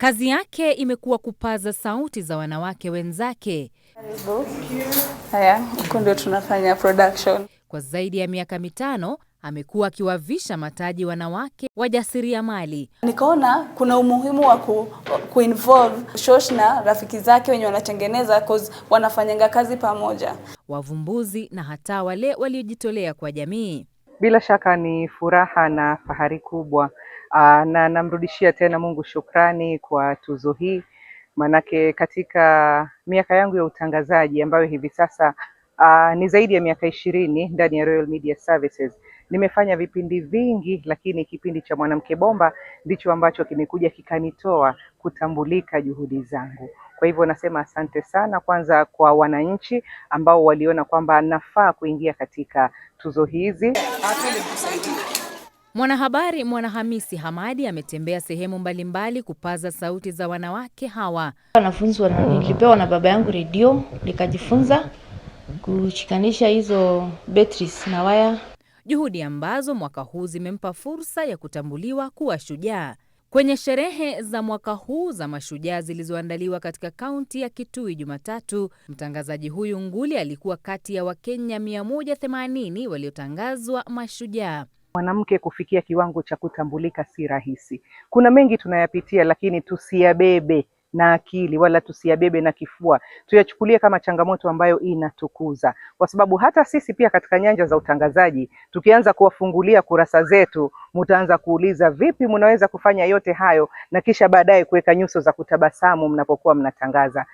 Kazi yake imekuwa kupaza sauti za wanawake wenzake. Haya, ndio tunafanya production. Kwa zaidi ya miaka mitano amekuwa akiwavisha mataji wanawake wajasiriamali. Nikaona kuna umuhimu wa ku, kuinvolve Shosh na rafiki zake wenye wanatengeneza cause wanafanyanga kazi pamoja, wavumbuzi na hata wale waliojitolea kwa jamii. Bila shaka ni furaha na fahari kubwa Ah, na namrudishia tena Mungu shukrani kwa tuzo hii, manake katika miaka yangu ya utangazaji ambayo hivi sasa aa, ah, ni zaidi ya miaka ishirini ndani ya Royal Media Services. Nimefanya vipindi vingi, lakini kipindi cha Mwanamke Bomba ndicho ambacho kimekuja kikanitoa kutambulika juhudi zangu. Kwa hivyo nasema asante sana kwanza kwa wananchi ambao waliona kwamba nafaa kuingia katika tuzo hizi. Mwanahabari Mwanahamisi Hamadi ametembea sehemu mbalimbali kupaza sauti za wanawake hawa. Wanafunzi nilipewa na baba yangu redio nikajifunza kushikanisha hizo batteries na waya, juhudi ambazo mwaka huu zimempa fursa ya kutambuliwa kuwa shujaa kwenye sherehe za mwaka huu za mashujaa zilizoandaliwa katika kaunti ya Kitui Jumatatu, mtangazaji huyu nguli alikuwa kati ya Wakenya 180 waliotangazwa mashujaa. Mwanamke kufikia kiwango cha kutambulika si rahisi. Kuna mengi tunayapitia, lakini tusiyabebe na akili wala tusiyabebe na kifua, tuyachukulie kama changamoto ambayo inatukuza, kwa sababu hata sisi pia katika nyanja za utangazaji tukianza kuwafungulia kurasa zetu, mutaanza kuuliza vipi mnaweza kufanya yote hayo, na kisha baadaye kuweka nyuso za kutabasamu mnapokuwa mnatangaza.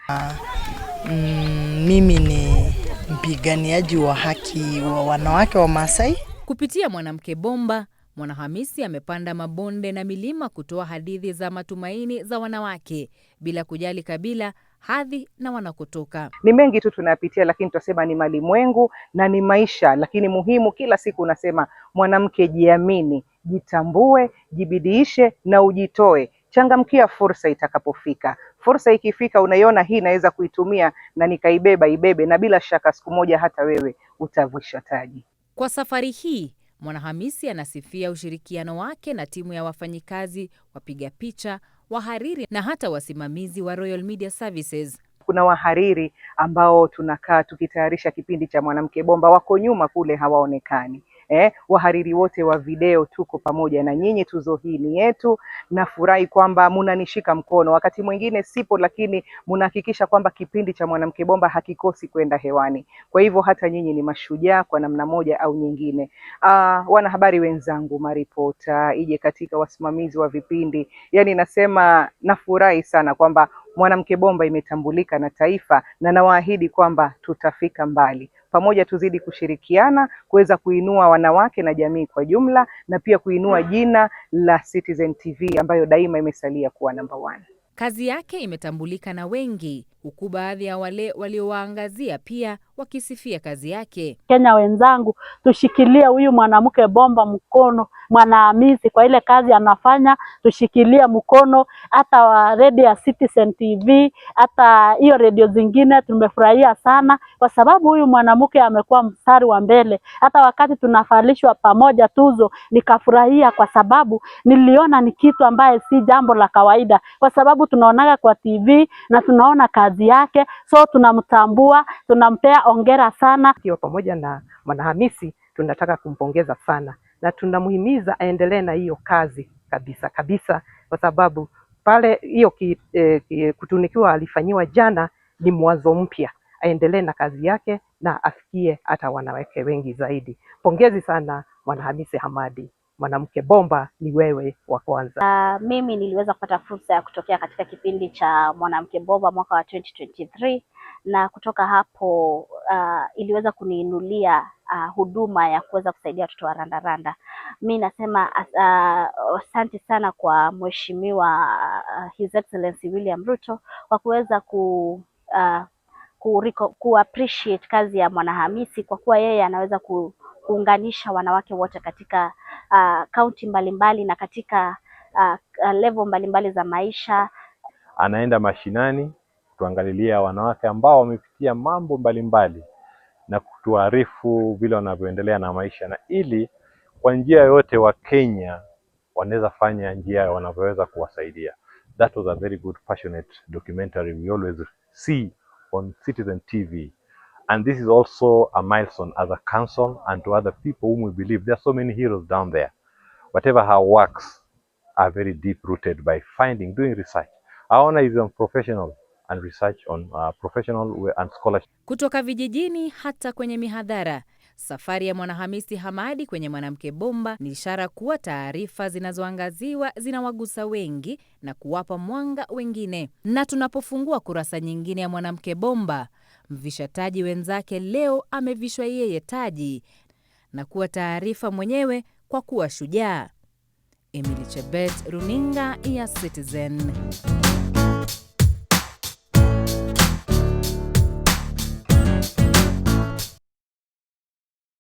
Mm, mimi ni mpiganiaji wa haki wa wanawake wa Masai Kupitia Mwanamke Bomba, Mwanahamisi amepanda mabonde na milima kutoa hadithi za matumaini za wanawake bila kujali kabila, hadhi na wanakotoka. Ni mengi tu tunayapitia, lakini tutasema ni malimwengu na ni maisha, lakini muhimu kila siku unasema mwanamke, jiamini, jitambue, jibidiishe na ujitoe. Changamkia fursa itakapofika. Fursa ikifika, unaiona hii naweza kuitumia na nikaibeba, ibebe, na bila shaka siku moja hata wewe utavisha taji. Kwa safari hii, Mwanahamisi anasifia ushirikiano wake na timu ya wafanyikazi, wapiga picha, wahariri na hata wasimamizi wa Royal Media Services. Kuna wahariri ambao tunakaa tukitayarisha kipindi cha Mwanamke Bomba, wako nyuma kule hawaonekani eh, wahariri wote wa video tuko pamoja na nyinyi, tuzo hii ni yetu. Nafurahi kwamba munanishika mkono, wakati mwingine sipo, lakini munahakikisha kwamba kipindi cha Mwanamke Bomba hakikosi kwenda hewani. Kwa hivyo hata nyinyi ni mashujaa kwa namna moja au nyingine. Ah, wanahabari wenzangu, maripota, ije katika wasimamizi wa vipindi, yani nasema nafurahi sana kwamba Mwanamke Bomba imetambulika na taifa, na nawaahidi kwamba tutafika mbali pamoja tuzidi kushirikiana kuweza kuinua wanawake na jamii kwa jumla, na pia kuinua jina la Citizen TV ambayo daima imesalia kuwa namba one. Kazi yake imetambulika na wengi huku baadhi ya wale waliowaangazia pia wakisifia kazi yake. Kenya wenzangu, tushikilie huyu mwanamke bomba mkono, Mwanahamisi kwa ile kazi anafanya, tushikilie mkono. Hata wa redio ya Citizen TV, hata hiyo redio zingine, tumefurahia sana kwa sababu huyu mwanamke amekuwa mstari wa mbele. Hata wakati tunafalishwa pamoja tuzo, nikafurahia kwa sababu niliona ni kitu ambaye si jambo la kawaida, kwa sababu tunaonaga kwa TV na tunaona kazi kazi yake, so tunamtambua, tunampea ongera sana. Kiwa pamoja na Mwanahamisi, tunataka kumpongeza sana na tunamhimiza aendelee na hiyo kazi kabisa kabisa, kwa sababu pale hiyo eh, kutunikiwa alifanyiwa jana ni mwanzo mpya. Aendelee na kazi yake na afikie hata wanawake wengi zaidi. Pongezi sana Mwanahamisi Hamadi mwanamke bomba ni wewe wa kwanza. Uh, mimi niliweza kupata fursa ya kutokea katika kipindi cha mwanamke bomba mwaka wa 2023 na kutoka hapo uh, iliweza kuniinulia uh, huduma ya kuweza kusaidia watoto wa randaranda. Mi nasema asante uh, uh, sana kwa mheshimiwa uh, His Excellency William Ruto kwa kuweza ku uh, ku appreciate kazi ya Mwanahamisi kwa kuwa yeye anaweza kuunganisha wanawake wote katika Uh, kaunti uh, mbalimbali na katika uh, level mbalimbali za maisha. Anaenda mashinani kutuangalilia wanawake ambao wamepitia mambo mbalimbali mbali, na kutuarifu vile wanavyoendelea na maisha na ili kwa njia wa Wakenya wanaweza fanya njia wanavyoweza kuwasaidia. That was a very good passionate documentary we always see on Citizen TV. And this is also a milestone as a council and to other people whom we believe there are so many heroes down there. Whatever her works are very deep rooted by finding, doing research. Our honor is on professional and research on uh, professional and scholarship. Kutoka vijijini hata kwenye mihadhara. Safari ya Mwanahamisi Hamadi kwenye Mwanamke Bomba ni ishara kuwa taarifa zinazoangaziwa zinawagusa wengi na kuwapa mwanga wengine. Na tunapofungua kurasa nyingine ya Mwanamke Bomba, mvisha taji wenzake leo amevishwa yeye taji na kuwa taarifa mwenyewe kwa kuwa shujaa. Emily Chebet, runinga ya Citizen.